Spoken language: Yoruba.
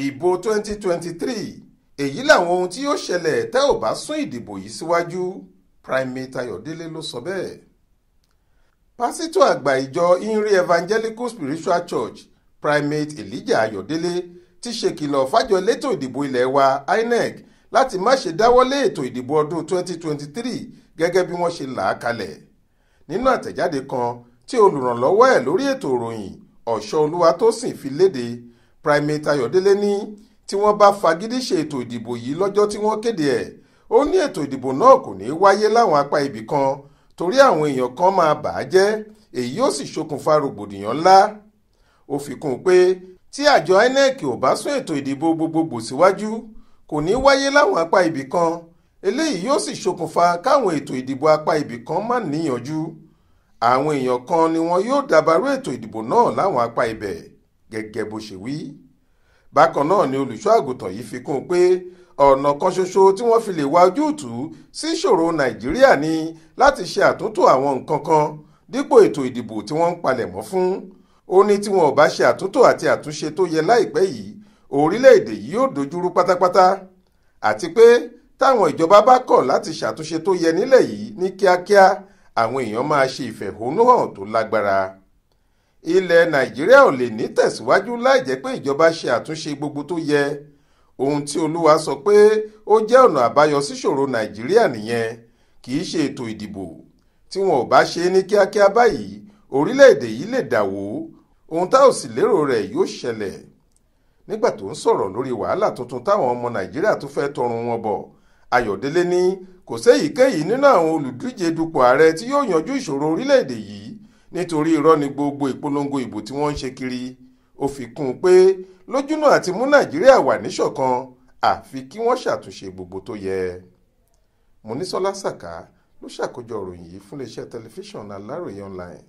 ìbò 2023 èyí làwọn ohun tí yóò ṣẹlẹ̀ tẹ́ ò bá sún ìdìbò yìí síwájú primate Ayọ̀délé ló sọ bẹ́ẹ̀. pásítọ̀ àgbà ìjọ inri evangelical spiritual church primate Elijah Ayọ̀délé ti ṣèkìlọ̀ fájọ elétò ìdìbò ilé wa INEC láti má ṣe dáwọ́lé ètò ìdìbò ọdún 2023 gẹ́gẹ́ bí wọ́n ṣe là á kalẹ̀ nínú àtẹ̀jáde kan tí olùrànlọ́wọ́ ẹ̀ lórí ètò ìròyìn ọ̀ṣọ́ olúwatósìn fi léde primate ayọ̀délé ní tí wọ́n bá fagídí ṣe ètò ìdìbò yìí lọ́jọ́ tí wọ́n kéde ẹ̀ ó ní ètò ìdìbò náà kò ní í wáyé láwọn apá ibì kan torí àwọn èèyàn kan máa bà á jẹ́ èyí ó sì ṣokùnfà rògbòdìyàn ńlá ó fi kún un pé tí àjọ INEC ò bá sún ètò ìdìbò gbogbogbò síwájú kò ní í wáyé láwọn apá ibì kan eléyìí yóò sì ṣokùnfà káwọn ètò ìdìbò apá ibì kan má níyànjú àwọn èèyàn kan ni wọn yóò dàbàrú ètò ìdìbò náà láwọn apá ibẹ̀ gẹ́gẹ́ bó ṣe wí bákan náà ni olùṣọ́ àgùntàn yìí fi kún un pé ọ̀nà kan ṣoṣo tí wọ́n fi lè wá ojútùú sí ìṣòro nàìjíríà ni láti ṣe àtúntò àwọn nǹkan kan dípò ètò ìdìbò tí wọ́n ń palẹ̀mọ́ fún ó ní tí wọn ò bá ṣe àtúntò àti àtúnṣe tó yẹ láìpẹ́ yìí orílẹ̀-èdè yìí yóò dojúrú pátápátá àti pé táwọn ìjọba bá kọ̀ láti ṣàtúnṣe tó yẹ nílẹ̀ yìí ní kíákíá àwọn èèyàn máa ṣe ìfẹ̀hónúhàn tó lágbára ilẹ̀ nàìjíríà ò lè ní tẹ̀síwájú láì jẹ́ pé ìjọba ṣe àtúnṣe gbogbo tó yẹ ohun tí olúwa sọ pé ó jẹ́ ọ̀nà àbáyọ síṣòro nàìjíríà nìyẹn kì í ṣe ètò ìdìbò tí wọn ò bá ṣe é ní kíákíá báyìí orílẹ̀-èdè yìí lè dàwó ohun tá ò sì lérò rẹ̀ yóò ṣẹlẹ̀ nígbà tó ń sọ̀rọ̀ lórí wàhálà tuntun táwọn ọmọ nàìjíríà tó fẹ́ tọrùn wọn bọ̀ ayọ̀délé ní kò séyìíkéyìí nínú àwọn olùdíje dupò ààrẹ tí yóò yanjú ìṣòro orílẹ̀-èdè yìí nítorí irọ́ ni gbogbo ìpolongo ìbò tí wọ́n ń ṣe kiri ó fi kún un pé lójúnà àti mú nàìjíríà wà níṣọ̀kan àfi kí wọ́n ṣàtúnṣe gbogbo tó yẹ. Monísọ́lá Sàká ló ṣàkójọ ìròyìn yìí fún iléeṣẹ́ tẹlifíṣàn Aláròye online